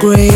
great.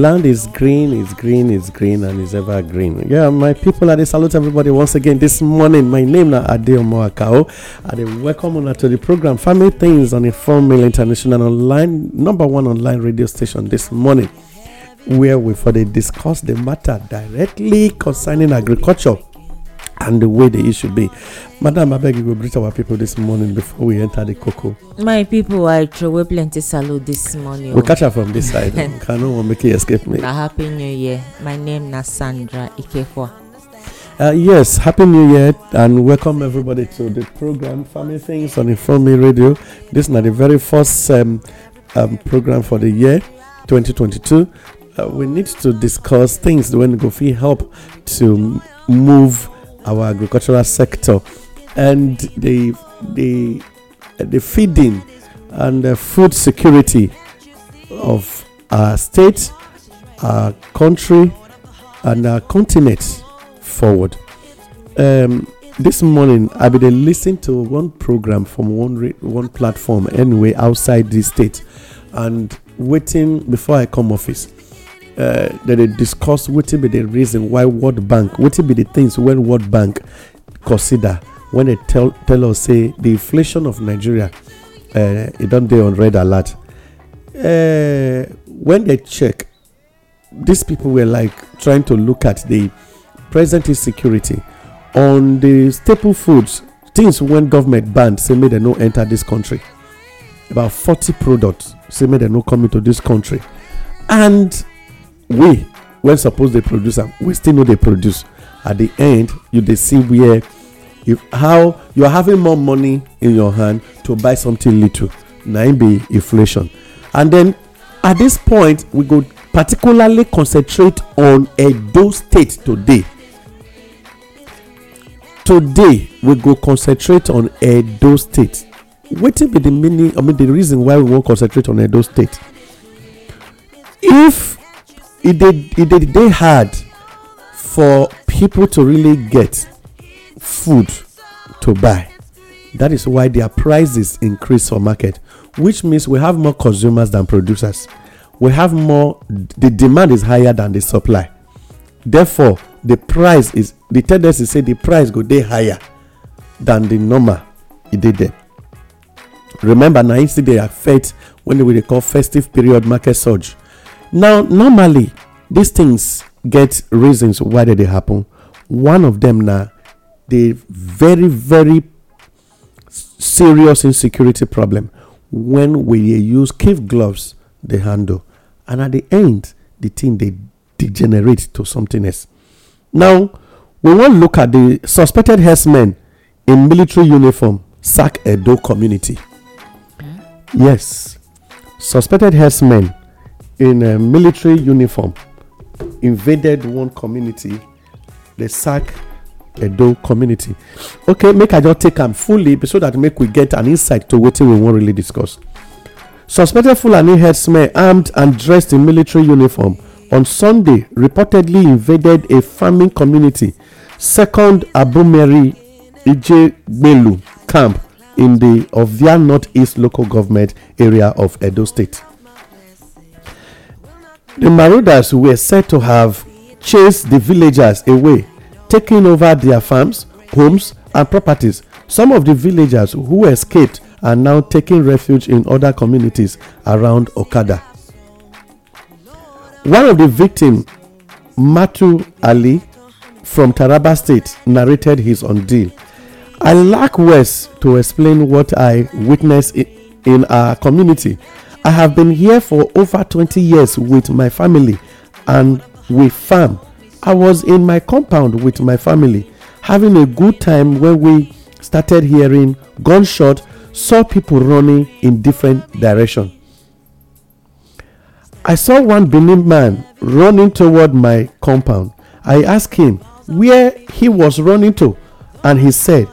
land is green, is green, is green, and is ever green. Yeah, my people, I salute everybody once again this morning. My name is Adeomo Moakao, and I welcome on to the program Family Things on the 4 International Online, number one online radio station this morning, where we for the discuss the matter directly concerning agriculture and the way the issue be. Madam, I beg you, greet our people this morning before we enter the cocoa. My people, I throw away plenty salute this morning. We catch her from this side. Can no one make it escape me? A happy New Year. My name is Sandra Ikefwa. Uh, yes, Happy New Year and welcome everybody to the program Family Things on Informe Radio. This is the very first um, um, program for the year 2022. Uh, we need to discuss things when go help to move our agricultural sector and the the uh, the feeding and the food security of our state, our country, and our continent forward. Um, this morning, I've been listening to one program from one re- one platform anyway outside the state, and waiting before I come office uh, that they discuss wetin be the reason why world bank wetin be the things when world bank consider when they tell tell us say the inflation of nigeria uh, don't they on red alert uh, when they check these people were like trying to look at the present insecurity on the staple foods things when government banned say made they no enter this country about 40 products say made they no come into this country and we when suppose dey produce am we still no dey produce at the end you dey see where if how you are having more money in your hand to buy something little na im be inflation and then at this point we go particularly concentrate on edo state today today we go concentrate on edo state wetin be the meaning i mean the reason why we wan concentrate on edo state if it did it did they hard for people to really get food to buy that is why their prices increase for market which means we have more consumers than producers we have more the demand is higher than the supply therefore the price is the tendency say the price go day higher than the normal It did. there remember na e still dey affect when we recall call festive period market surge now, normally, these things get reasons why did they happen. One of them now, the very, very serious insecurity problem when we use cave gloves, they handle. And at the end, the thing they degenerate to something else. Now, we want look at the suspected herdsmen in military uniform, Sak Edo community. Hmm? Yes, suspected herdsmen in a military uniform invaded one community they sack edo community okay make i just take am fully so that make we get an insight to wetin we wan really discuss suspected fulani herdsmen armed and dressed in military uniform on sunday reportedly invaded a farming community second abumeri ijegbelu camp in the ovia northeast local government area of edo state The marauders were said to have chased the villagers away, taking over their farms, homes, and properties. Some of the villagers who escaped are now taking refuge in other communities around Okada. One of the victims, Matu Ali from Taraba State, narrated his ordeal. I lack words to explain what I witnessed in our community. I have been here for over 20 years with my family and we farm. I was in my compound with my family having a good time when we started hearing gunshot, saw people running in different direction. I saw one Benin man running toward my compound. I asked him where he was running to and he said,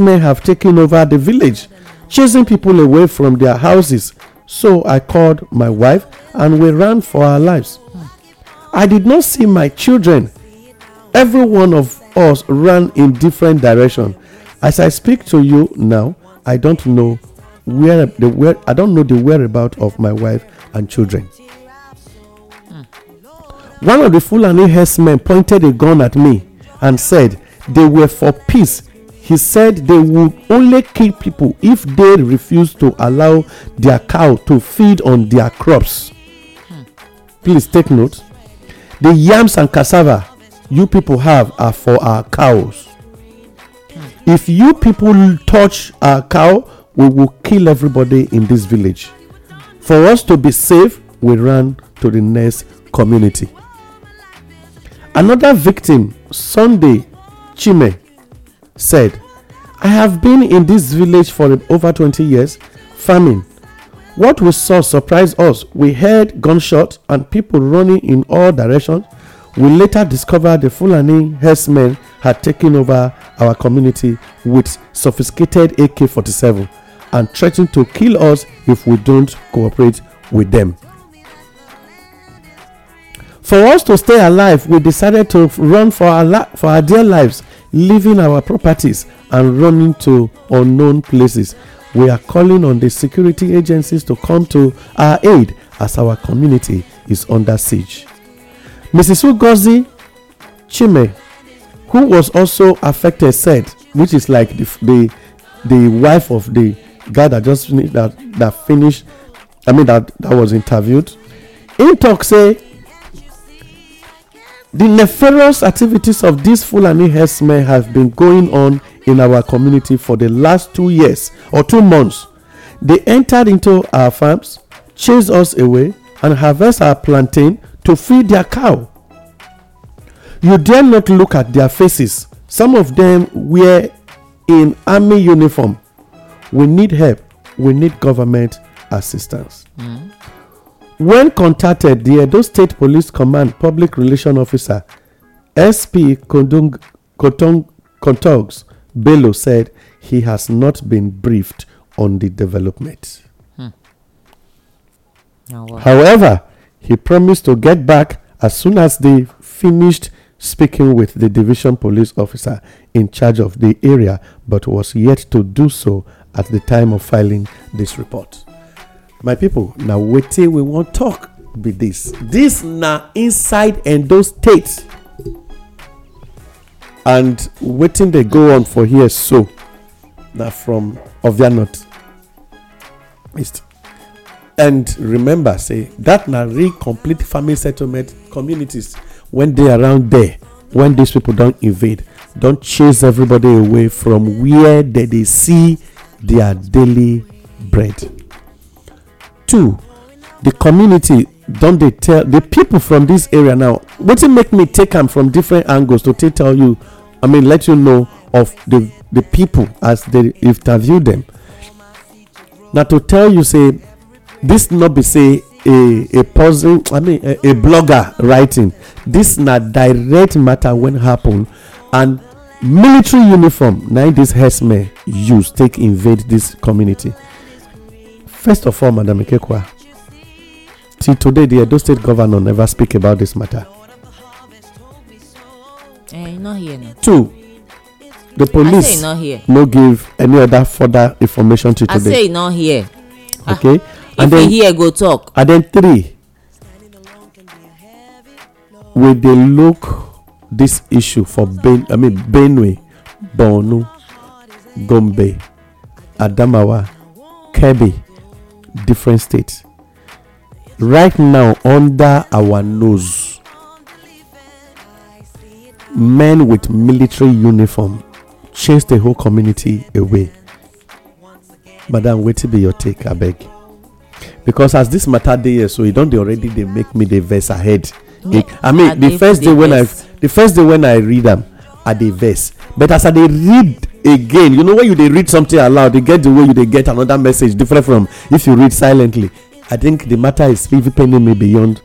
men have taken over the village, chasing people away from their houses so I called my wife and we ran for our lives. I did not see my children. Every one of us ran in different direction. As I speak to you now, I don't know where the where I don't know the whereabout of my wife and children. One of the Fulani herdsmen pointed a gun at me and said they were for peace he said they would only kill people if they refuse to allow their cow to feed on their crops. Hmm. Please take note. The yams and cassava you people have are for our cows. Hmm. If you people touch our cow, we will kill everybody in this village. For us to be safe, we ran to the next community. Another victim, Sunday Chime, said, I have been in this village for over 20 years, farming. What we saw surprised us. We heard gunshots and people running in all directions. We later discovered the Fulani herdsmen had taken over our community with sophisticated AK 47 and threatened to kill us if we don't cooperate with them. For us to stay alive, we decided to run for our, la- for our dear lives leaving our properties and running to unknown places. We are calling on the security agencies to come to our aid as our community is under siege. Mrs. Ugozi Chime, who was also affected, said, which is like the, the, the wife of the guy that just that, that finished, I mean, that, that was interviewed. In talk, say, The nefarious activities of these Fulani herdsmen have been going on in our community for the last two years or two months. They entered into our farms, chased us away, and harvest our plantain to feed their cow. You dare not look at their faces. Some of them wear in army uniform. We need help. We need government assistance. Mm. When contacted, the Edo State Police Command Public Relation Officer SP Kondung, Kotong, Kontogs Bello said he has not been briefed on the development. Hmm. However, he promised to get back as soon as they finished speaking with the division police officer in charge of the area, but was yet to do so at the time of filing this report. my people, na wetin we wan talk. be this. This na inside edo state and wetin dey go on for here so na from Ovianot, north east and remember say that na real complete farming settlement communities wen dey around there wen these people don invade don chase everybody away from where dem dey see their daily bread two the community don't they tell the people from this area now it make me take them from different angles to tell you i mean let you know of the the people as they interview them Now to tell you say this not be say a a puzzle i mean a, a blogger writing this not direct matter when happen and military uniform Now this has me use take invade this community First of all, Madam Ikekwa, till today the Edo State Governor never speak about this matter. Eh, not here now. Two, the police not here. no give any other further information to today. I say not here. Ah, okay. Ah, and if then here go talk. And then three, we dey look this issue for ben I mean Benue, Bonu, Gombe, Adamawa, Kebi different states right now under our nose men with military uniform chase the whole community away madam wait wetin be your take I beg. because as this matter day, here so you e don't already they make me the verse ahead yeah, i mean the first day when i the first day when i read them, i dey vex but as i read again you know when you dey read something aloud you get the way you dey get another message different from if you read silently i think the matter is even paining me beyond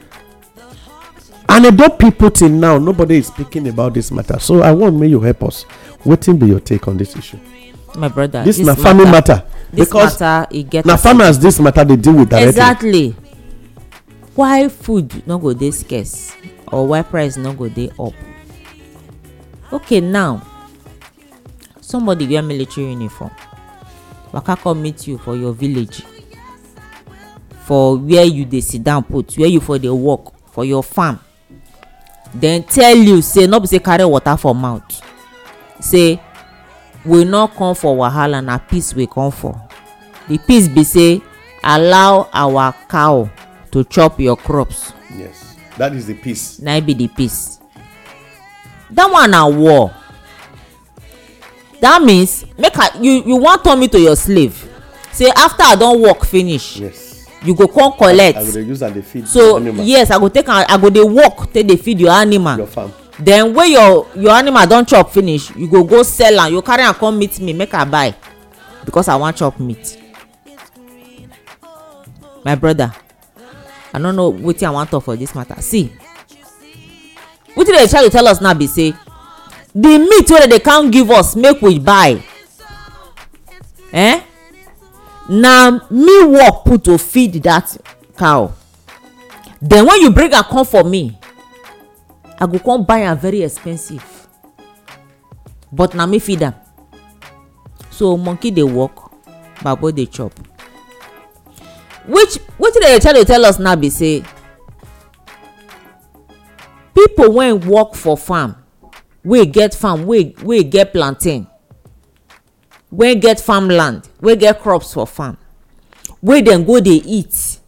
and although people till now nobody is speaking about this matter so i want may you help us wetin be your take on this issue my brother this na farming matter because e na farmers this matter dey deal with directly exactly why food no go dey scarce or why price no go dey up okay now somebody wear military uniform waka come meet you for your village for where you dey sit put where you for dey work for your farm dem tell you say no be say carry water for mouth say we no come for wahala na peace we come for the peace be say allow our cow to chop your crops. yes that is the peace. na e be the peace. that one na war that means make i you you wan turn me to your slave say after i don work finish yes you go come collect i go use am feed so yes i go take am i go dey work take dey feed your animal your farm then when your your animal don chop finish you go go sell am you carry am come meet me make i buy because i wan chop meat my brother i no know wetin i wan talk for this matter see wetin dey try to tell us now be say the meat wey dem dey come give us make we buy eh na me work put to feed that cow then when you bring am come for me i go come buy am very expensive but na me feed am so monkey dey work babo dey chop which wetin dem dey try to tell us now be say people wey work for farm wey get farm wey get plantain wey get farmland wey get crops for farm wey dem go dey eat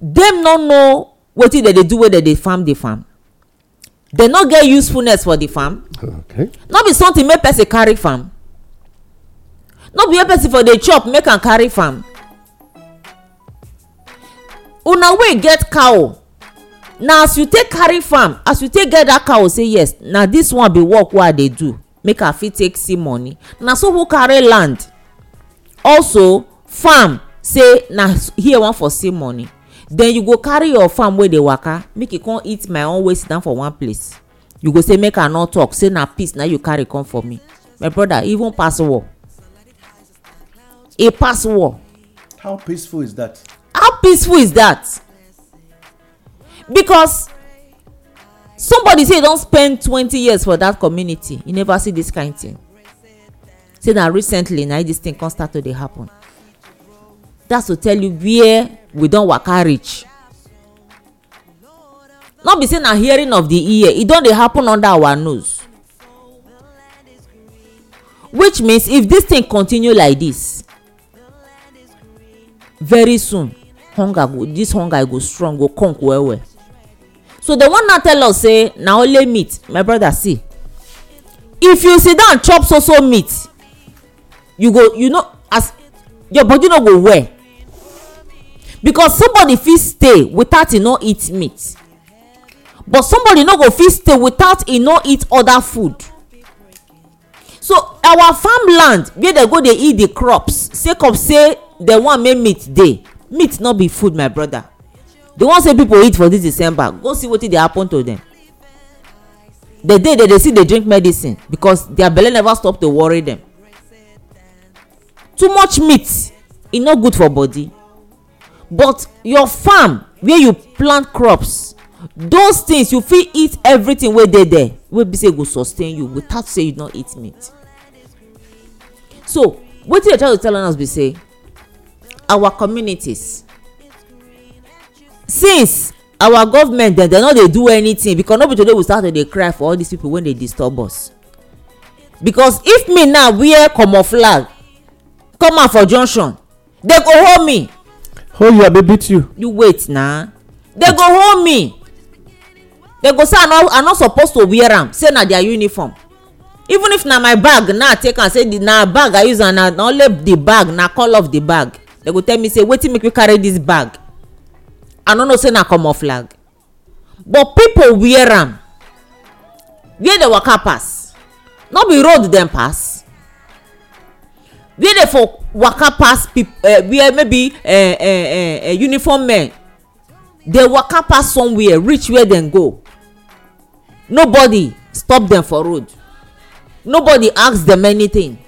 dem no know wetin dem dey do wey dem dey farm the farm dem no get usefulness for the farm okay. no be something make person carry farm no be where person for dey chop make am carry farm una wey get cow na as you take carry farm as you take get that cow say yes na this one be work wey i dey do make i fit take see money na so who carry land also farm say na here one for see money then you go carry your farm wey dey waka make e come eat my own wey sit down for one place you go say make i no talk say na peace na you carry come for me my brother even pass war e pass war. how peaceful is that. how peaceful is that because somebody say you don spend twenty years for that community you never see this kind thing say na recently na this thing come start to dey happen that's to tell you where we don waka reach no be say na hearing of the ear e don dey happen under our nose which means if this thing continue like this very soon hunger go this hunger go strong go conk well well so dem wan now tell us say na only meat my brother see if you sit down chop so so meat you go you know as your body no go well because somebody fit stay without e no eat meat but somebody no go fit stay without e no eat other food so our farm land, where dem go dey eat the crops sake of say dem wan make meat dey meat no be food my brother the ones wey people eat for this december go see wetin dey happen to them the day They dey still dey drink medicine because their belle never stop to worry them too much meat e no good for body but your farm where you plant crops those things you fit eat everything wey dey there wey be say go sustain you without say you no eat meat so wetin i try to tell us be say our communities since our government dem dem no dey do anything because no be today we start to dey cry for all these people wey dey disturb us because if me now wear camouflage come out for junction dem go hold me. hold you abi beat you. you wait na dem go hold me dem go say i no i no suppose to wear am say na their uniform even if na my bag na i take am say na bag i use am na na only the bag na call off the bag dem go tell me say wetin make you carry this bag i no know say na common flag but pipo wear am where dey waka pass no be road dem pass where dey for waka pass eh, where maybe eh, eh, uniform men dey waka pass somewhere reach where dem go nobody stop dem for road nobody ask dem anything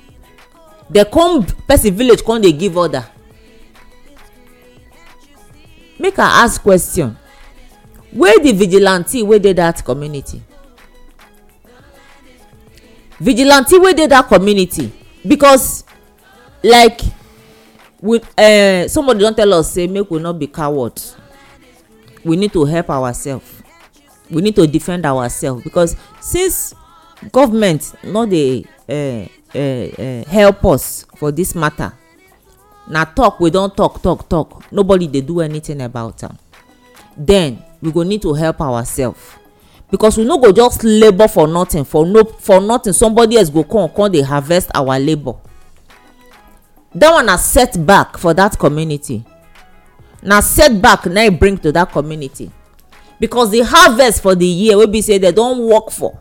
dey come person village come dey give order make i ask question Where the vigilante wey dey that community vigilante wey dey that community because like with eh, uh, somebody don tell us say make we no be coward we need to help ourselves we need to defend ourselves because since government no dey uh, uh, uh, help us for this matter na talk we don talk talk talk nobody dey do anything about am then we go need to help ourselves because we no go just labour for nothing for no for nothing somebody else go come come dey harvest our labour that one na setback for that community na setback na e bring to that community because the harvest for the year wey be say they don work for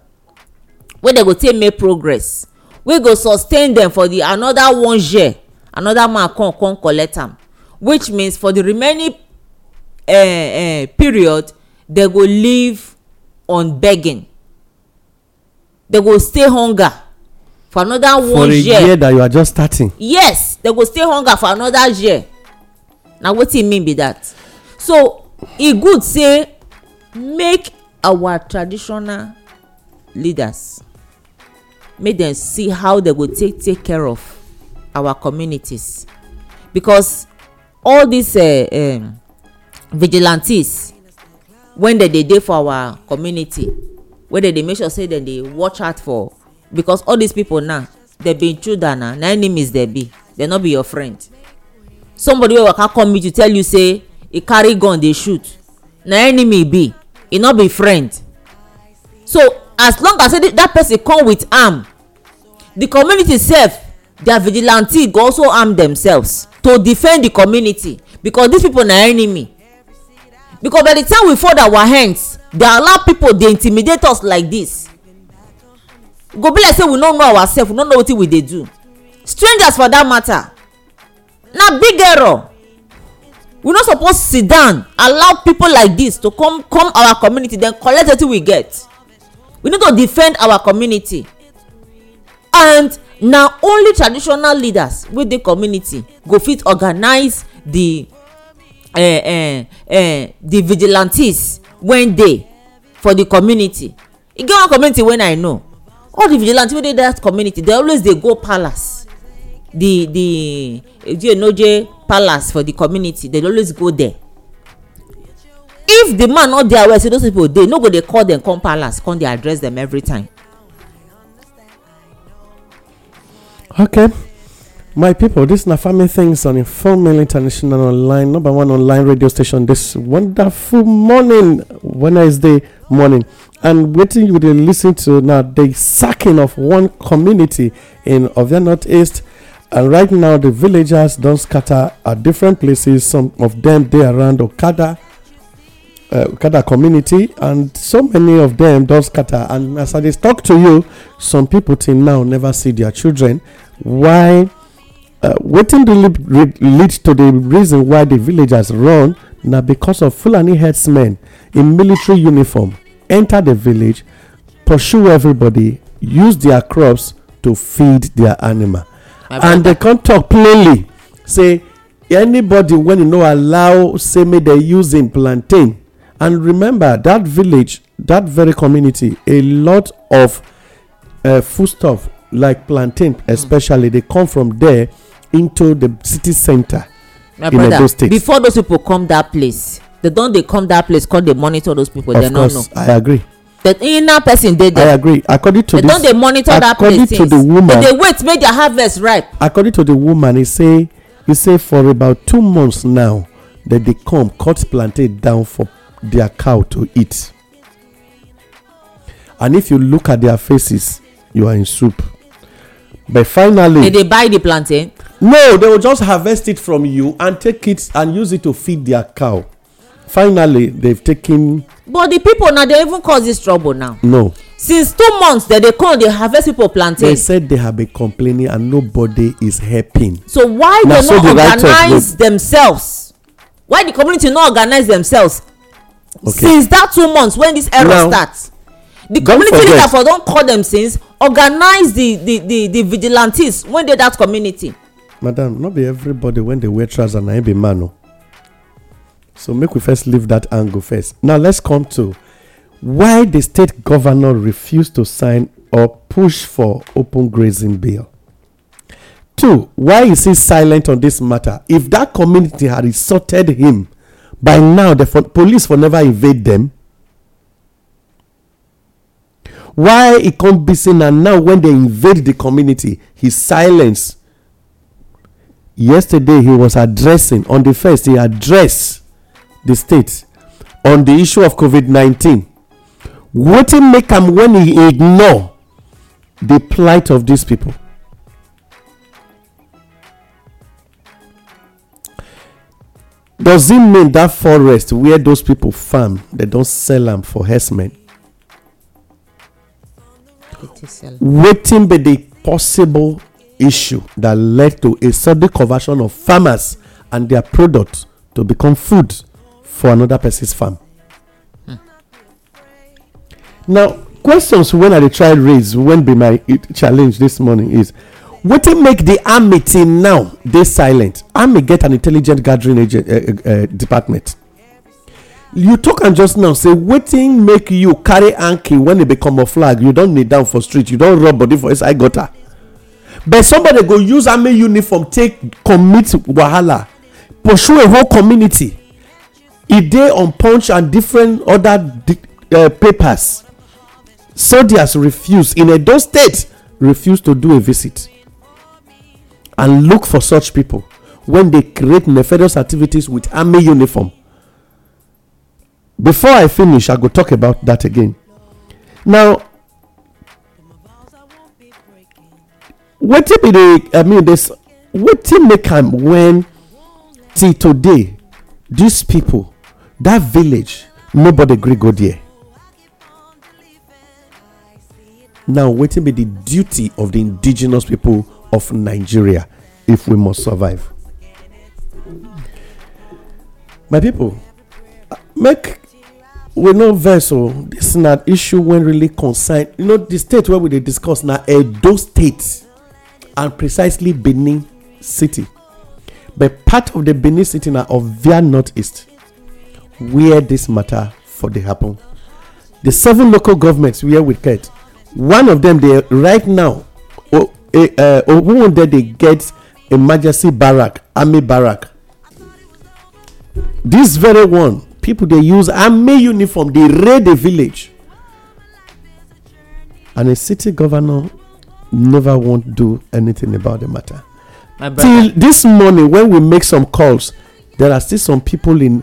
wey they go take make progress wey go sustain them for the another one year another man come come collect am which means for the remaining uh, uh, period they go live on begging they go stay hunger for another for one year for a year that you are just starting yes they go stay hunger for another year na wetin e mean be that so e good say make our traditional leaders make dem see how dem go take take care of our communities because all these uh, um, vigilantes when they dey dey for our community wey they dey make sure say dem dey watch out for because all these people now dem be intruder na na enemies they be they no be your friend somebody wey waka come meet you tell you say e carry gun dey shoot na enemy e be e no be friend so as long as say that person come with arm, the community sef their vigilante go also arm themselves to defend the community because these people na enemy because by the time we fold our hands they allow people dey intimidate us like this go be like say we no know ourselves we no know wetin we dey do strangers for that matter na big error we no suppose sit down allow people like this to come come our community then collect wetin we get we need to defend our community and na only traditional leaders wey dey community go fit organize the uh, uh, uh, di vigilantes wey dey for the community e get one community wey i know all the vigilantes wey dey dat community dey always dey go palace di di ejionoje palace for the community dey always go there if the man no dey aware say those people dey no go dey call them come palace come dey address them every time Okay. My people, this is Nafami Things on Informal International Online, number one online radio station this wonderful morning, Wednesday morning. And waiting you to listen to now the sacking of one community in of the northeast. And right now the villagers don't scatter at different places. Some of them they around Okada, Okada uh, community, and so many of them don't scatter. And as I just talk to you, some people till now never see their children. Why? Uh, waiting really lead, to the reason why the villagers run now because of Fulani herdsmen in military uniform enter the village, pursue everybody, use their crops to feed their animal. and they come talk plainly. Say, anybody when you know allow, say, may they use in plantain And remember, that village, that very community, a lot of uh, foodstuff like plantain, hmm. especially, mm. they come from there into the city center My in brother, Edo State. Before those people come that place, they don't they come that place because they monitor those people. Of they course, know. I agree. The inner person they there. I agree. According to they this, don't they monitor that place. According to the woman, but they wait make their harvest ripe. According to the woman, he say he say for about two months now that they come cut plantain down for their cow to eat. And if you look at their faces, you are in soup. But finally, did they buy the plantain? No, they will just harvest it from you and take it and use it to feed their cow. Finally, they've taken. But the people now they even cause this trouble now. No. Since two months that they come, they harvest people planting. They said they have been complaining and nobody is helping. So why now, they so not the organize themselves? why the community not organize themselves okay. since that two months when this error now, start the community leader for don call them since organize the the the the vigilantes wey dey that community. madam no be everybody wey dey wear trouser na him be man o so make we first leave that angle first now let's come to why the state governor refused to sign or push for open grazing bill two why is he silent on this matter if that community had insulted him by now the police for never invade them. why he come be seen and now when they invade the community he silence yesterday he was addressing on the first he address the state on the issue of covid-19 wetin make am when he ignore the plight of these people. does it mean that forest where those people farm they don't sell them for herdsmen Waiting be the possible issue that led to a sudden conversion of farmers and their product to become food for another person's farm hmm. now questions When i dey try raise when be my challenge this morning is wetin make the army till now dey silent army get an intelligent gathering agent eh, eh, eh, department you talk am just now say wetin make you carry anki when e become a flag you don kneel down for street you don rub body for inside gutter but somebody go use army uniform take commit wahala pursue a whole community e dey on punch and different oda papers soldiers refuse in edo state refuse to do a visit and look for such people when they create nefarious activities with army uniform. Before I finish, I go talk about that again. Now, what be the I mean this what make come when See today these people that village nobody greet go there. Now, what be the duty of the indigenous people of Nigeria if we must survive. My people, make we know vessel. This na issue when really concerned. You know, the state where we dey discuss na Edo state and precisely Benin city. But part of the Benin city now of Ovia Northeast where this matter for dey happen. The seven local governments where we get one of them dey right now Eh, ogunwunde they get emergency barrack army barrack This very one people they use army uniform they raid the village and a city governor never won't do anything about the matter till this morning when we make some calls there are still some people in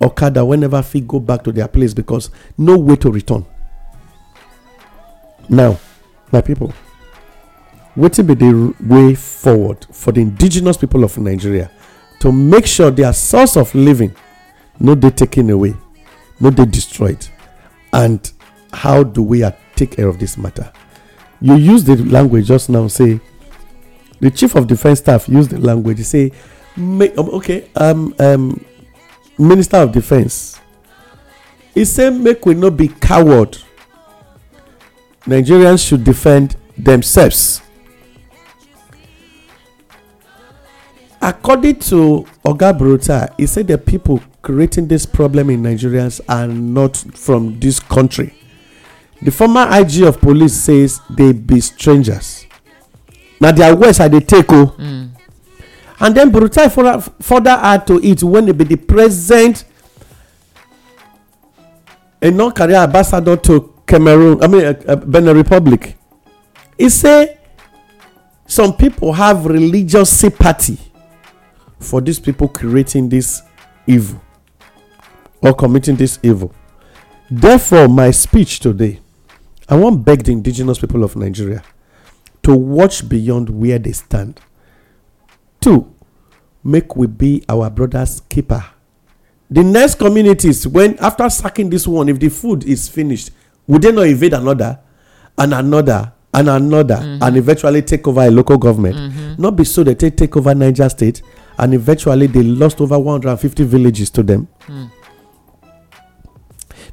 okada Whenever never fit go back to their place because no way to return now my people. What will be the way forward for the indigenous people of nigeria to make sure their source of living no they taken away no they destroyed and how do we take care of this matter you use the language just now say the chief of defence staff used the language say um, okay um, um, minister of defence he said, make we not be coward nigerians should defend themselves According to Oga Bruta, he said the people creating this problem in Nigerians are not from this country. The former IG of police says they be strangers. Now their words are they take o. Mm. And then Brutai further add to it when it be the present a non-career ambassador to Cameroon, I mean uh, uh, Benin Republic. He say some people have religious sympathy for these people creating this evil or committing this evil. Therefore, my speech today, I want to beg the indigenous people of Nigeria to watch beyond where they stand. Two, make we be our brother's keeper. The next communities, when after sacking this one, if the food is finished, would they not invade another and another and another mm-hmm. and eventually take over a local government? Mm-hmm. Not be so that they take over Niger State, and eventually they lost over 150 villages to them. Mm.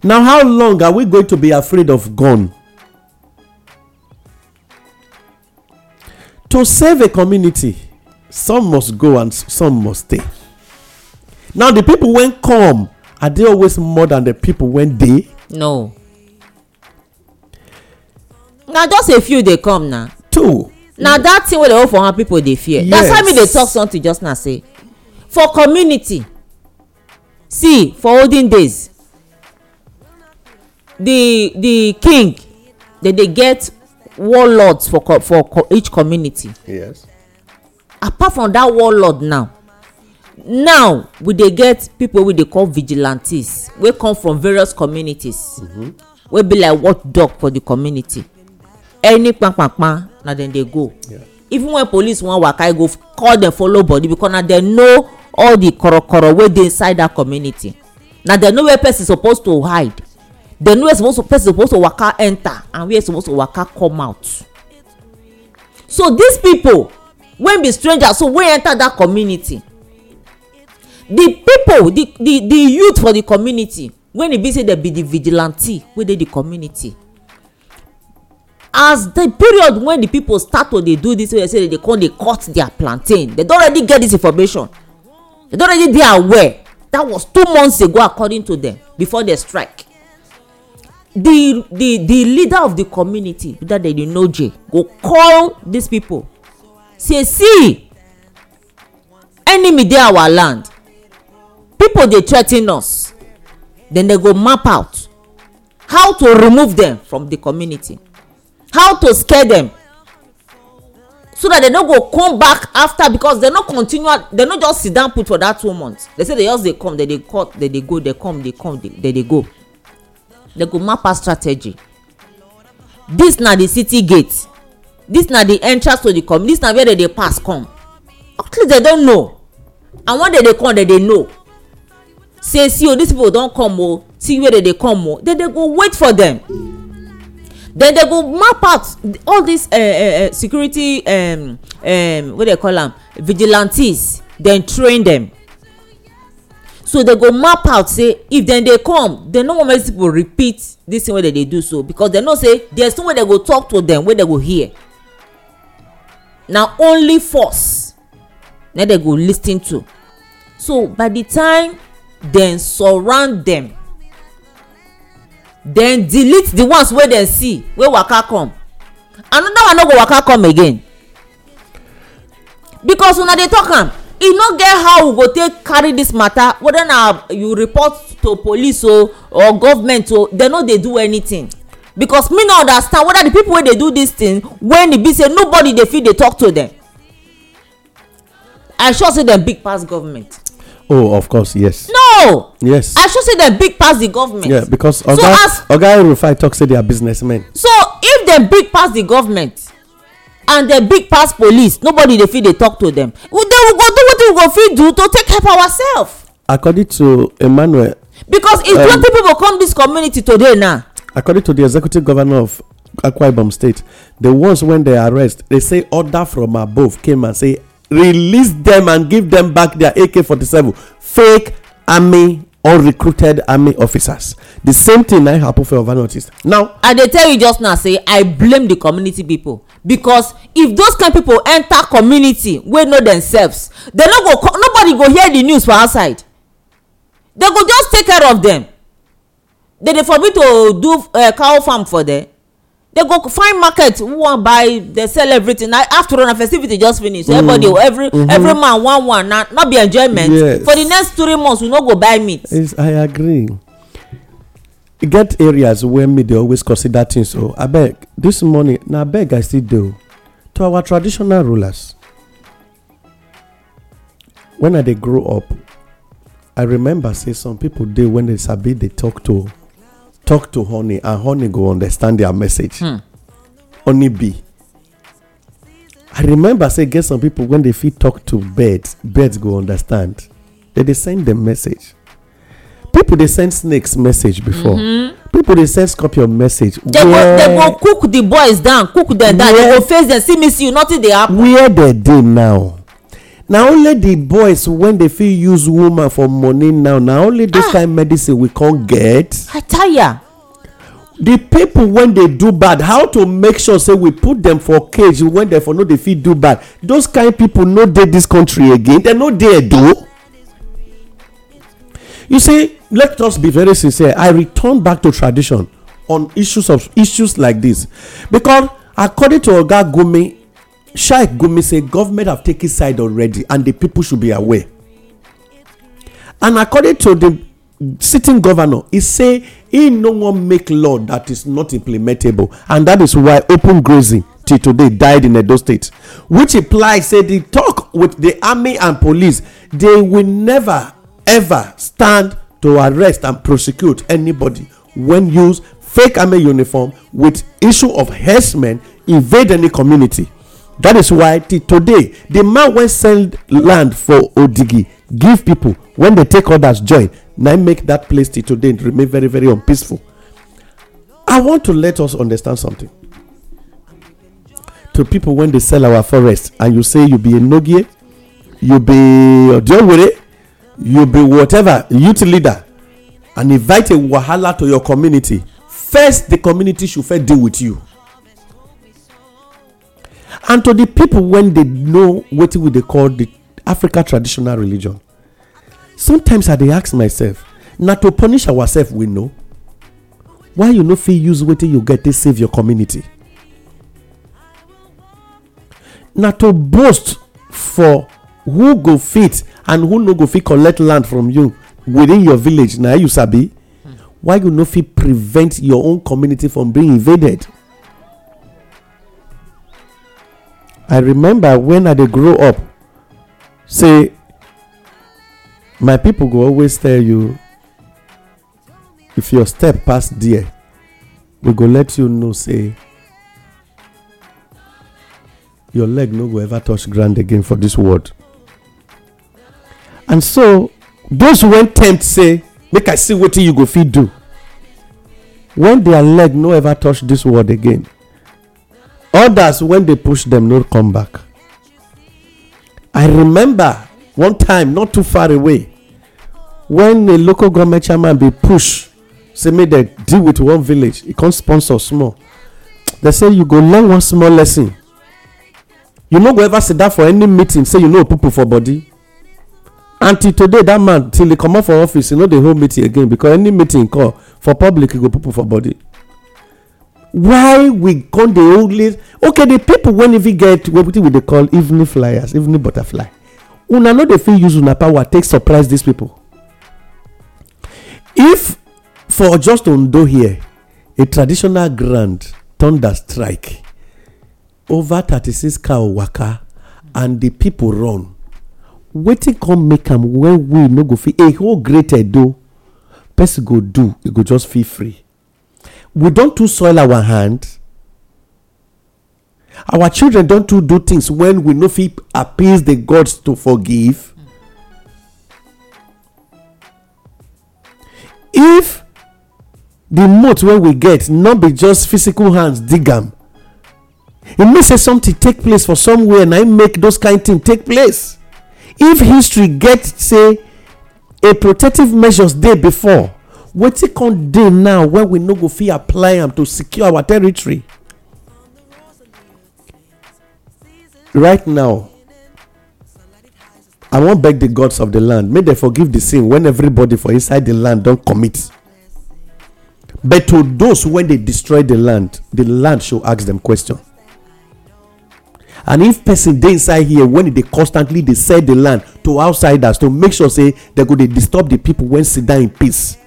Now, how long are we going to be afraid of gun? To save a community, some must go and some must stay. Now, the people when come, are they always more than the people when they? No. Now, just a few they come now. Two na that thing wey dey hold for hand people dey fear yes that's why me dey talk something just now say for community see for olden days the the king dey dey get warlords for for each community yes apart from that warlord now now we dey get people wey dey call vigilantes wey come from various communities mm -hmm. wey be like watchdog for the community any kpankpankpan na dem dey go even when police wan waka e go call dem follow body because na dem know all the korokoro wey dey inside that community na dem know where person suppose to hide dem know where suppose to person suppose to waka enter and where suppose to waka come out so these people wey be strangers so wey enter that community the people the the the youth for the community when e be say dem be the vigilante wey dey the community as the period when the people start to dey do this wey dem say they dey come dey cut their plantain They don already get this information They don already dey aware that was two months ago according to them before the strike the the the leader of the community that they dey know jay go call these people say see enemy dey our land people dey threa ten us then they go map out how to remove them from the community how to scare them so that they no go come back after because they no continue They no just sit down put for that two months They say they just dey come They dey cut They dey go They come They come They dey go They go map out strategy this na the city gate this na the entrance to the community this na where they dey pass come at least they don know and when they dey come they dey know say see o oh, these people don come o oh. see where they dey come o dem dey go wait for dem then they go map out all these uh, uh, security um, um, what they call am vigilantes Then train them. so they go map out say if dem dey come dem no wan make people repeat this thing wey dem dey do so because dem know say there's no way dem go talk to dem wey dem go hear na only force na dem go lis ten to so by the time dem surround dem Then delete the ones wey dem see wey waka come another one no go waka come again because una dey talk am e no get how we go take carry this matter whether na you report to police o or government o dem no dey do anything because me no understand whether the people wey dey do this thing when e be say nobody dey fit dey talk to them. i sure say dem big pass government oh of course yes no yes i should say dem big pass di government yeah because oga rufai talk, say they are businessmen so if dem big pass di government and dem big pass police nobody dey fit dey talk to dem we go do wetin we go fit do to take help ourselves. according to emmanuel because if plenty um, people come this community today now according to the executive governor of akwa ibom state the ones wey dem arrest dey say order from above came and say release them and give them back their ak-47 fake army unrecruited army officers the same thing I happen for over northeast now i they tell you just now say i blame the community people because if those kind people enter community wey know themselves they not go nobody go hear the news for outside they go just take care of them they dey forbid to do eh, cow farm for them they go find market Who one buy dey sell everything na after all na festivity just finish so mm. everybody every mm-hmm. every man one one na not be enjoyment for the next three months we no go buy meat i agree e get areas wey me dey always consider things so oh, abeg this morning na abeg i still dey to our traditional rulers when i dey grow up i remember say some people dey when they sabi dey talk to talk to honey and honey go understand their message hmm. honey bee i remember say get some people when they fit talk to birds birds go understand they dey send them message people they send snakes message before mm-hmm. people they send scorpion message. they go they go cook the boys down cook them down they go face them see me see you nothing they happen. where they did now na only the boys wen dey fit use woman for money now na only dis ah. kind medicine we con get i tire the people wen dey do bad how to make sure say we put dem for cage wen dem for no dey fit do bad those kind people no dey this country again dem no dey edo you see let us be very sincere i return back to tradition on issues of issues like this, because according to oga gome Shai Gumi say government have taken side already and the people should be aware. And according to the sitting governor, he say he no one make law that is not implementable. And that is why open grazing till today died in Edo State, which implies say the talk with the army and police, they will never ever stand to arrest and prosecute anybody when use fake army uniform with issue of herdsmen invade any community that is why till today the man wey sell land for odigi give people when they take others join na make that place till today remain very very unpeaceful i want to let us understand something to people when they sell our forest and you say you be enogie you be odeowere you be whatever youth leader and invite a wahala to your community first the community should first deal with you and to the people when they know wetin we they call the africa traditional religion sometimes i they ask myself not to punish ourselves we know why you no fit use what you get to save your community not to boast for who go fit and who no go fit collect land from you within your village now you sabi hmm. why you no fit prevent your own community from being invaded i remember when i dey grow up say my people go always tell you if your step past there we go let you know say your leg no go ever touch ground again for this world and so those who went tempt say make i see wetin you go feed do when their leg no ever touch this world again others when they push them, no come back i remember one time not too far away when a local government chairman be push say make they deal with one village e come sponsor small They say you go learn one small lesson you no go ever sit down for any meeting say you no people for body until today that man till e comot for office e no dey hold meeting again because any meeting call for public e go people for body why we come the only okay the people when no fit get wetin we they call evening flyers evening butterfly una no dey fit use una power take surprise these people if for just undo here a traditional grand thunder strike over 36 cow waka and the people run wetin come make am when we no go fit a whole great edo person go do e go just feel free we don too soil our hand our children don too do things when we no fit appease the gods to forgive if the moat wey we get no be just physical hands dig am e mean say something take place for somewhere na im make those kind thing take place if history get say a protective measures dey before wetin come dey now wey we no go fit apply am to secure our territory right now i wan beg the gods of the land make dem forgive the sin when everybody for inside the land don commit but to those wey dey destroy the land the land should ask them question and if person dey inside here when e dey constantly dey sell the land to outsiders to make sure say dem go dey disturb the people wey sit down in peace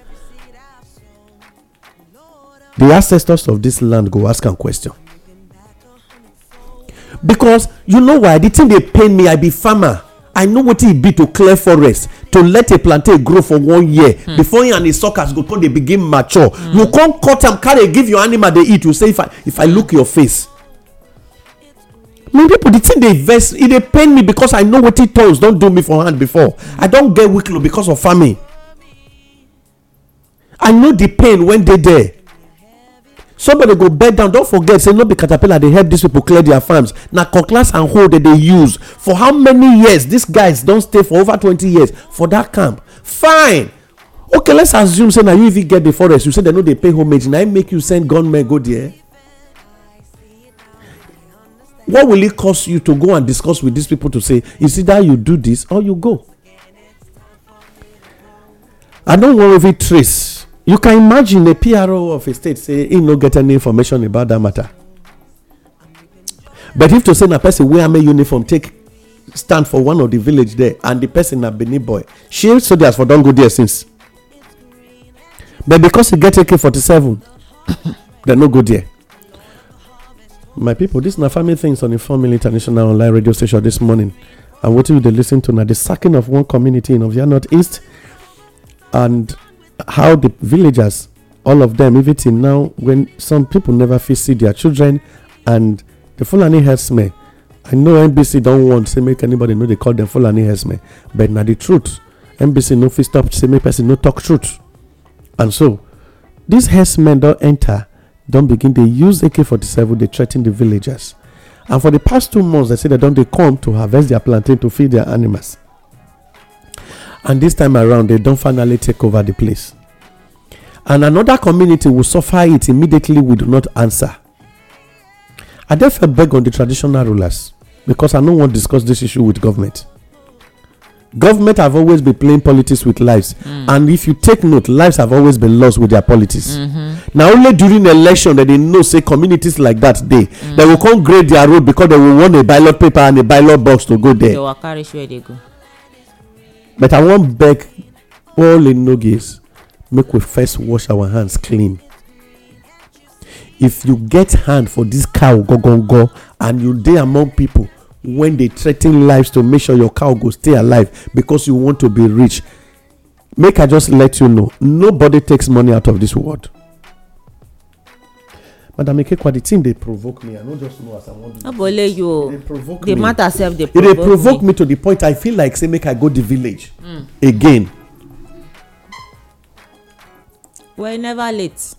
the ancestors of this land go ask am question because you know why the thing dey pain me i be farmer i know wetin e be to clear forest to let a plantain grow for one year hmm. before him and his suckers go come dey begin mature hmm. you come cut am carry give your animal dey eat you say if i if i look your face my people the thing dey vex e dey pain me because i know wetin toils don do me for hand before i don get weak low because of farming i know the pain wey dey there somebody go bend down don forget say no be caterpillar dey help these people clear their farms na cutlass and hoe dem dey use for how many years These guys don stay for over twenty years for that camp fine okay let's assume say na you even get the forest you say dem no dey pay homage na im make you send gunmen go there what will it cost you to go and discuss with these people to say "Is it that you do this or you go i don't wan even trace you can imagine a pro of a state say he no get any information about that matter but if to say na person wear a uniform take stand for one of the village there and the person na benin boy she so soldiers for don go there since but because he get ak seven, dem no go there my pipo dis na family things on inform international online radio station this morning and what you they listen to now the sacking of one community in north east and how the villagers all of them everything now when some people never feed see their children and the fulani herdsmen i know nbc don't want to make anybody know. They call them fulani herdsmen but now the truth nbc no fit stop say make person no talk truth and so these herdsmen don't enter don't begin They use ak-47 They threaten the villagers and for the past two months dem say don't. They come to harvest their plantain to feed their animals and this time around they don't finally take over the place and another community will suffer it immediately we do not answer i therefore beg on the traditional rulers because i no wan discuss this issue with government government have always been playing politics with lives mm. and if you take note lives have always been lost with their politics mm-hmm. na only during election that they know say communities like that dey mm. they go hmm. come grade their road because they will want a ballot paper and a ballot box to go there. they waka reach where they go but i wan beg all enogies make we first wash our hands clean if you get hand for this cow gogongo and you dey among pipo wen dey threaten lives to make sure your cow go stay alive because you want to be rich make i just let you know nobody takes money out of this world madam ikekwa the thing dey provoke me i no just know as i wan do. abole you o the matter sef dey provoke me. e dey provoke me to the point i feel like say make i go the village. Mm. again. well never late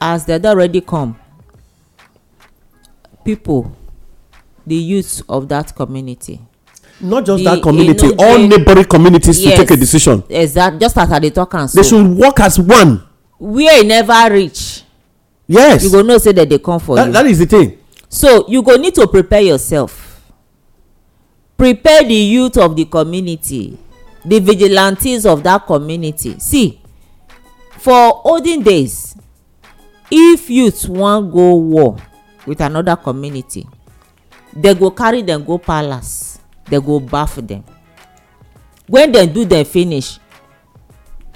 as dem don already come people the youth of that community. not just the, that community you all neighboring communities yes, to take a decision. exact just as i dey talk am so. they should work as one. where e never reach yes you go know say dem dey come for that, you that is the thing so you go need to prepare yourself prepare the youth of the community the vigilantes of that community see for olden days if youth wan go war with another community dem go carry dem go palace dem go baff dem when dem do dem finish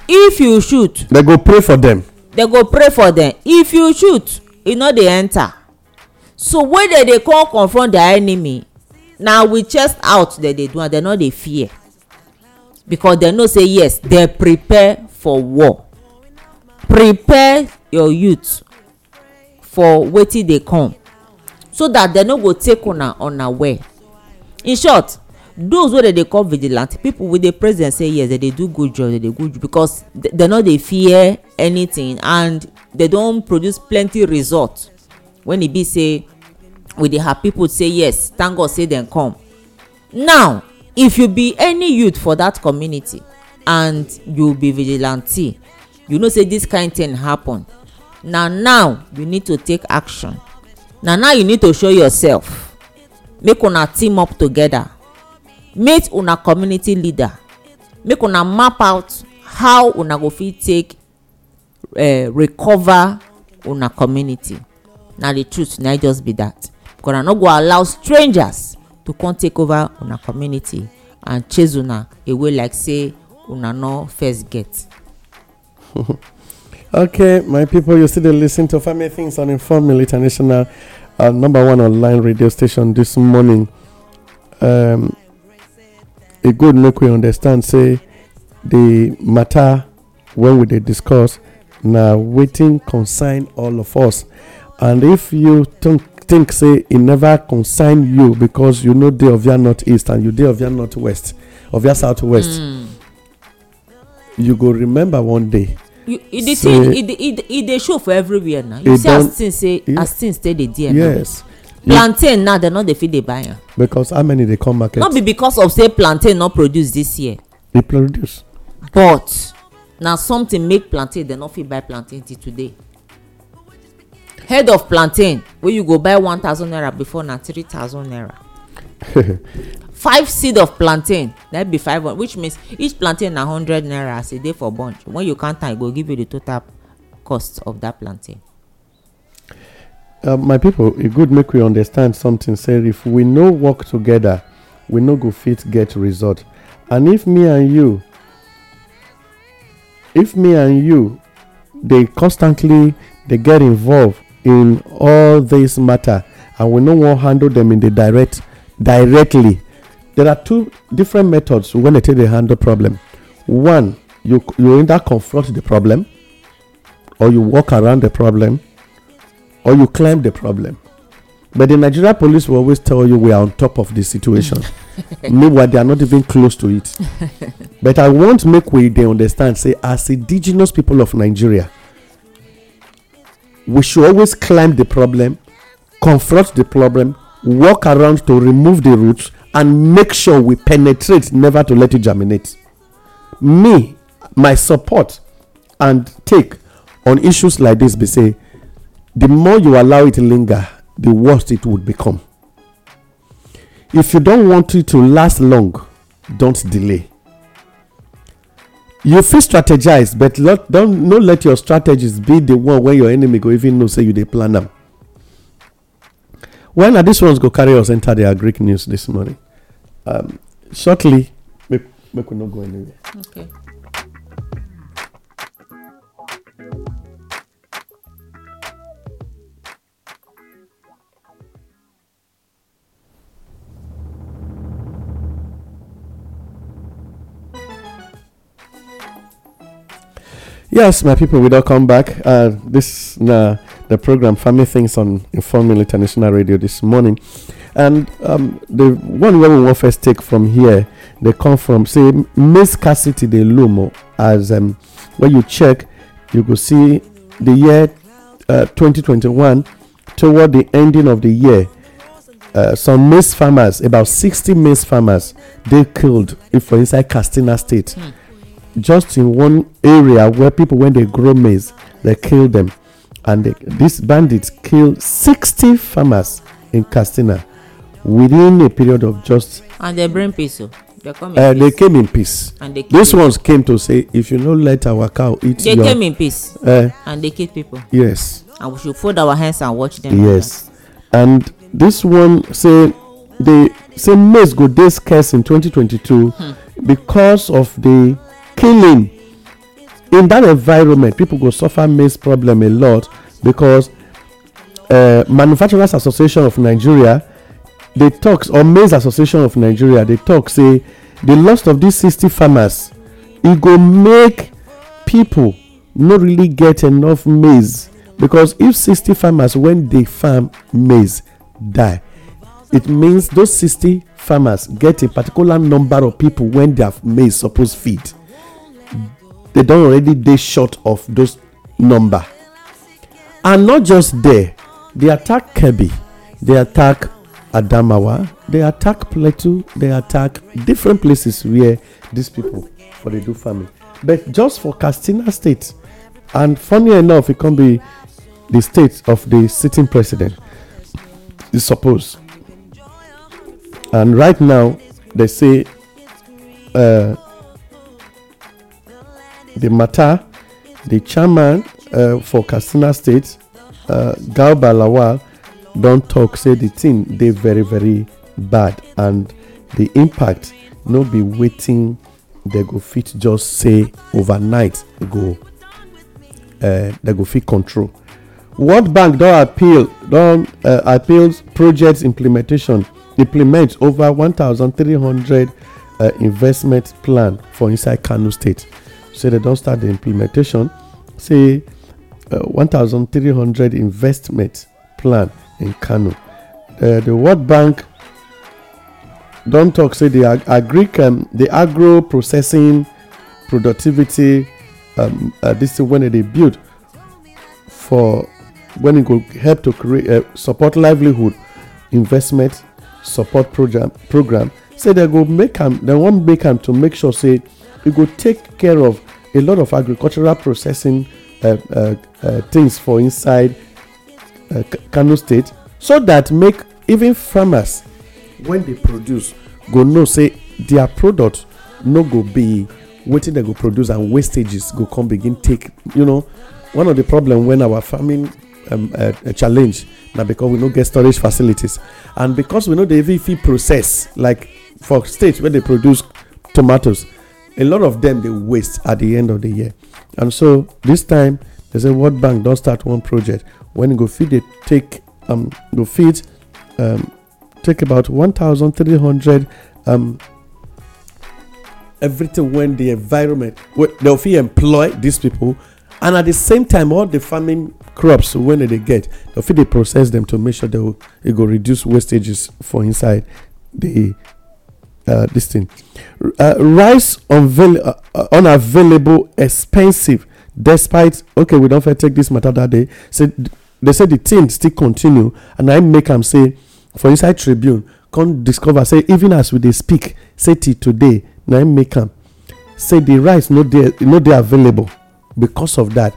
if you shoot. dem go pray for dem dem go pray for dem if you shoot e no dey enter so wey dem dey come confront their enemy na with chest out dem dey do am dem no dey fear because dem know say yes dem prepare for war prepare your youth for wetin dey come so that dem no go take una unaware in short those wey dem dey call vigilante people wey dey praise say yes dem dey do good job dem dey good job because dem no dey fear anything and dem don produce plenty result when e be say we dey happy people say yes thank god say dem come now if you be any youth for that community and you be vigilante you know say this kind thing happen na now you need to take action na now you need to show yourself make una team up together meet una community leader make una map out how una go fit take eh, recover una community na the truth na just be that because I no go allow strangers to come take over una community and chase una away like say una no first get. okay my people you still dey lis ten to Family things on informal international uh, number one online radio station this morning. Um, e good make we understand say the matter when we dey discuss na wetin concern all of us and if you think say e never concern you because you no dey of your east and you dey of your northwest of your southwest hmm. you go remember one day the thing e dey show for everywhere now you see as things say as things dey there yes plantain now dem no dey fit dey buy am. because how many dey come market. no be because of say plantain no produce this year. e produce. but na something make plantain dem no fit buy plantain till today head of plantain wey you go buy one thousand naira before na three thousand naira five seed of plantain na be five one which means each plantain na hundred naira as e dey for bunch when you count am e go give you the total cost of that plantain uh, my people it good make we understand something say if we no work together we no go fit get result and if me and you if me and you they constantly they get involved in all this matter and we no more handle them in the direct directly there are two different methods when they take the handle problem one you you either confront the problem or you walk around the problem or you climb the problem. But the Nigeria police will always tell you we are on top of the situation. Meanwhile, they are not even close to it. but I want to make way they understand, say, as indigenous people of Nigeria, we should always climb the problem, confront the problem, walk around to remove the roots, and make sure we penetrate, never to let it germinate. Me, my support and take on issues like this, be say, the more you allow it to linger, the worse it would become. If you don't want it to last long, don't delay. You feel strategize, but let, don't no let your strategies be the one where your enemy go even know say you dey plan am. Well, now this one's go carry us enter the uh, Greek news this morning. Um, shortly, make, make we not go anywhere. Okay. Yes, my people, we don't come back. Uh, this uh, the program Family Things on Informal International Radio this morning, and um, the one where we will first take from here, they come from say Miss Cassidy de Lumo. As um, when you check, you could see the year uh, 2021 toward the ending of the year. Uh, some maize farmers, about 60 maize farmers, they killed for inside Castina State. Hmm. just in one area where people when they grow maize they kill them and they, these bandits killed 60 farmers in Castina within a period of just and they bring peace so oh. they come uh, peace. they came in peace and they these ones came to say if you no let our cow eat they your, came in peace uh, and they kill people yes and we should fold our hands and watch them yes and this one say they say maize go this scarce in 2022 hmm. because of the killing in that environment people go suffer maize problem a lot because uh, manufacturers association of nigeria dey talk or maize association of nigeria dey talk say the loss of these sixty farmers e go make people no really get enough maize because if sixty farmers when dey farm maize die it means those sixty farmers get a particular number of people when their maize suppose feed they don already dey short of those number and not just there they attack kebbi they attack adamawa they attack plateau they attack different places where these people for dey do farming but just for katsina state and funny enough e come be the state of the sitting president e suppose and right now they say uh, the matter, the chairman uh, for Katsina State, uh, Galba Lawal, don talk say the thing dey very very bad and the impact no be wetin they go fit just say overnight go uh, they go fit control. World Bank don appeal don uh, appeal project implementation implement over one thousand three hundred uh, investment plan for inside Kano State. say they don't start the implementation, say uh, 1,300 investment plan in Kano. Uh, the World Bank don't talk say the ag- agri um, the agro processing productivity um, uh, this is when they build for when it could help to create uh, support livelihood investment support program program say they go make them um, they want make them um, to make sure say it go take care of a lot of agricultural processing uh, uh, uh things for inside uh, Kano State, so that make even farmers when they produce go no say their product no go be waiting they go produce and wastages go come begin take you know one of the problem when our farming um, uh, challenge now because we no get storage facilities and because we no the even process like for state when they produce tomatoes a lot of them they waste at the end of the year and so this time they say World bank don't start one project when go feed they take um go feed um take about 1300 um everything when the environment they'll feed employ these people and at the same time all the farming crops when they get they'll feed they process them to make sure they will it go reduce wastages for inside the uh, this thing. Uh, rice unavail- uh, unavailable, expensive, despite. Okay, we don't take this matter that day. So they said the thing still continue, and I make them say, for inside Tribune, come discover say even as we dey speak, say today, Now I make am say the rice not there, not there available because of that.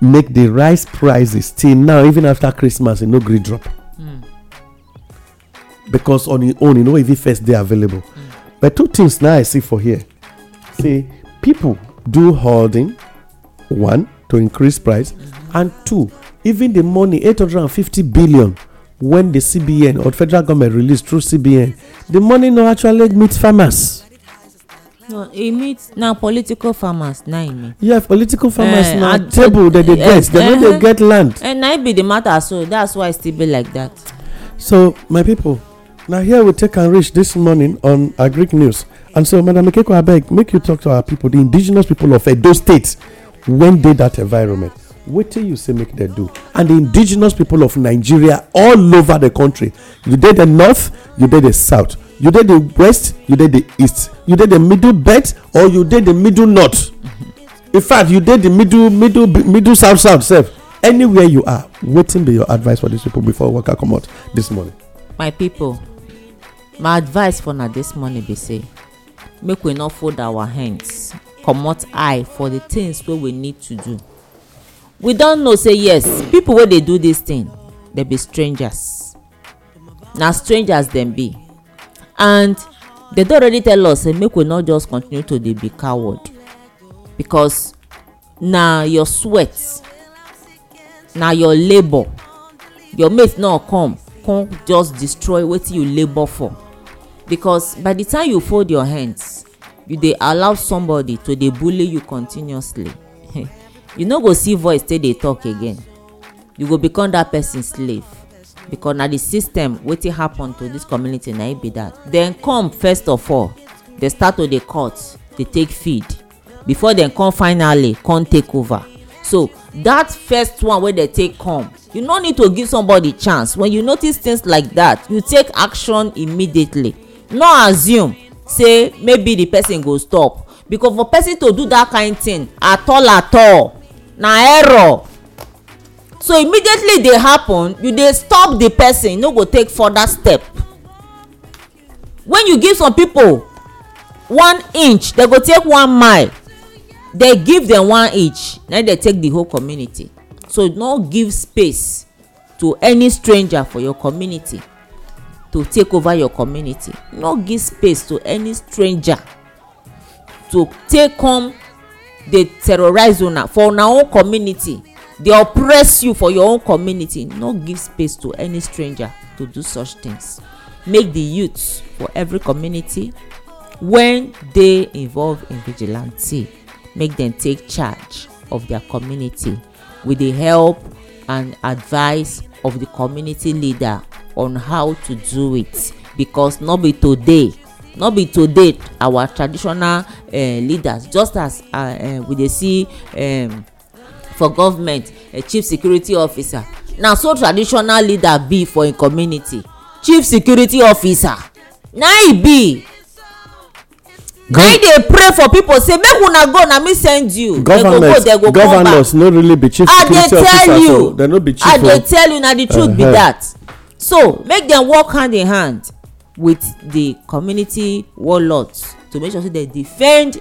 Make the rice prices till now, even after Christmas, e no gree drop because on his own you know, if it first day available but two things now i see for here see, people do holding one to increase price and two even the money 850 billion when the cbn or federal government release through cbn the money no actually meet farmers. no e meet na political farmers na e mean. yeah political farmers uh, na table dem dey get dem no dey eh, eh, get land. and na e be the matter so that's why e still be like that. so my people Now, here we take and reach this morning on Agric News. And so, Madam Ikeko, I beg, make you talk to our people, the indigenous people of Edo State, when they that environment. What till you say make they do? And the indigenous people of Nigeria all over the country. You did the north, you did the south, you did the west, you did the east, you did the middle belt, or you did the middle north. In fact, you did the middle, middle, middle south, south, south. Anywhere you are, waiting be your advice for these people before worker come out this morning. My people, my advice for na this morning be say make we no fold our hands comot eye for the things wey we need to do we don know say yes people wey dey do this thing dem be strangers na strangers dem be and dem don already tell us say make we no just continue to dey be coward because na your sweat na your labour your mate no come come just destroy wetin you labour for because by the time you fold your hands you dey allow somebody to dey bully you continuously you no go see voice take dey talk again you go become that person slave because na the system wetin happen to this community na it e be that dem come first of all dey start to dey cut dey take feed before dem come finally come take over so that first one wey dey take come you no need to give somebody chance when you notice things like that you take action immediately no assume say maybe the person go stop because for person to do that kind thing at all at all na error so immediately dey happen you dey stop the person no go take further step when you give some people one inch they go take one mile they give them one inch na they take the whole community so no give space to any stranger for your community to take over your community no give space to any stranger to take come dey terrorize una for una own community dey oppress you for your own community no give space to any stranger to do such things make the youths for every community when dey involved in vigilante make dem take charge of their community with the help and advice of the community leader on how to do it because no be today no be today our traditional uh, leaders just as uh, uh, we dey see um, for government uh, chief security officer na so traditional leader be for im community chief security officer na he be na e dey pray for people say make una go na me send you dem go go dem go come back governors no really be chief security officer so dem no be chief o i dey tell you na the truth uh -huh. be uh-huh. that so make dem work hand in hand with di community warlords to make sure say dem defend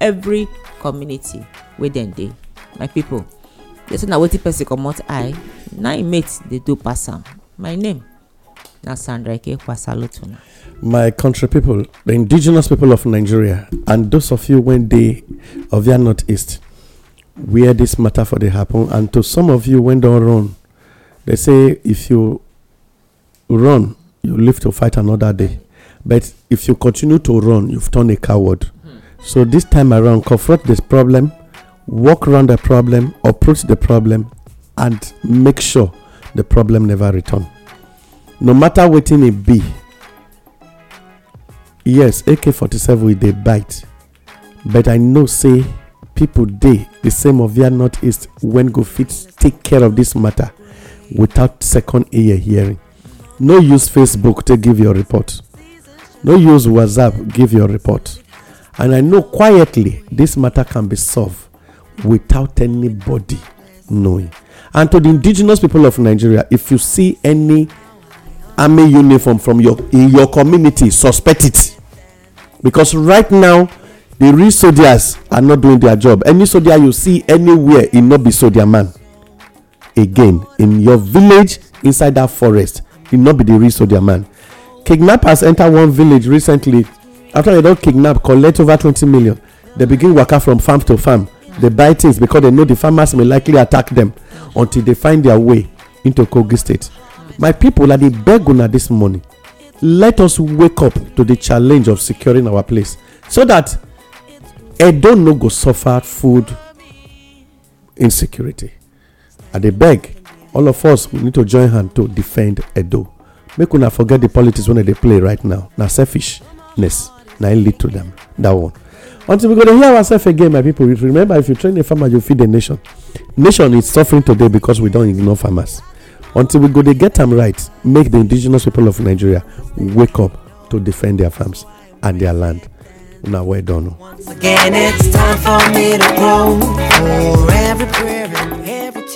every community wey dem dey my pipo dey say na wetin person comot eye na im mate dey do pass am my name na sandra ikekwa lotuna. my country people the indigenous people of nigeria and those of you wey dey of your northeast where this matter for dey happen and to some of you wey don run dey say if you run, you live to fight another day. But if you continue to run, you've turned a coward. Hmm. So this time around, confront this problem, walk around the problem, approach the problem, and make sure the problem never return. No matter what it be, yes, AK-47 with a bite, but I know say people they the same of their is when go fit take care of this matter without second ear hearing. no use facebook to give your report no use whatsapp give your report and i know quietly this matter can be solved without anybody knowing and to the indigenous people of nigeria if you see any army uniform from your in your community suspect it because right now the real soldiers are not doing their job any soldier you see anywhere e no be soldier man again in your village inside that forest e no be the risk real their man kidnappers enter one village recently after they don kidnap collect over twenty million They begin waka from farm to farm dey buy things because they know the farmers may likely attack them until they find their way into kogi state my people i dey beg una this morning let us wake up to the challenge of securing our place so that edo no go suffer food insecurity i dey beg all of us we need to join hand to defend edo make una forget the politics wey dem dey play right now na selfishness na im e lead to dem dat one until we go dey hear ourselves again my people remember if you train a farmer you feed the nation nation is suffering today because we don ignore farmers until we go dey get am right make the indigenous people of nigeria wake up to defend their farms and their land una well done oh.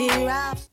o.